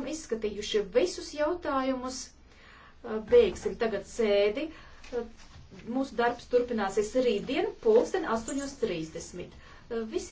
esam izskatījuši visus jautājumus. Uh, beigsim tagad sēdi. Uh, mūsu darbs turpināsies rītdien, pulksten 8.30. Uh, visi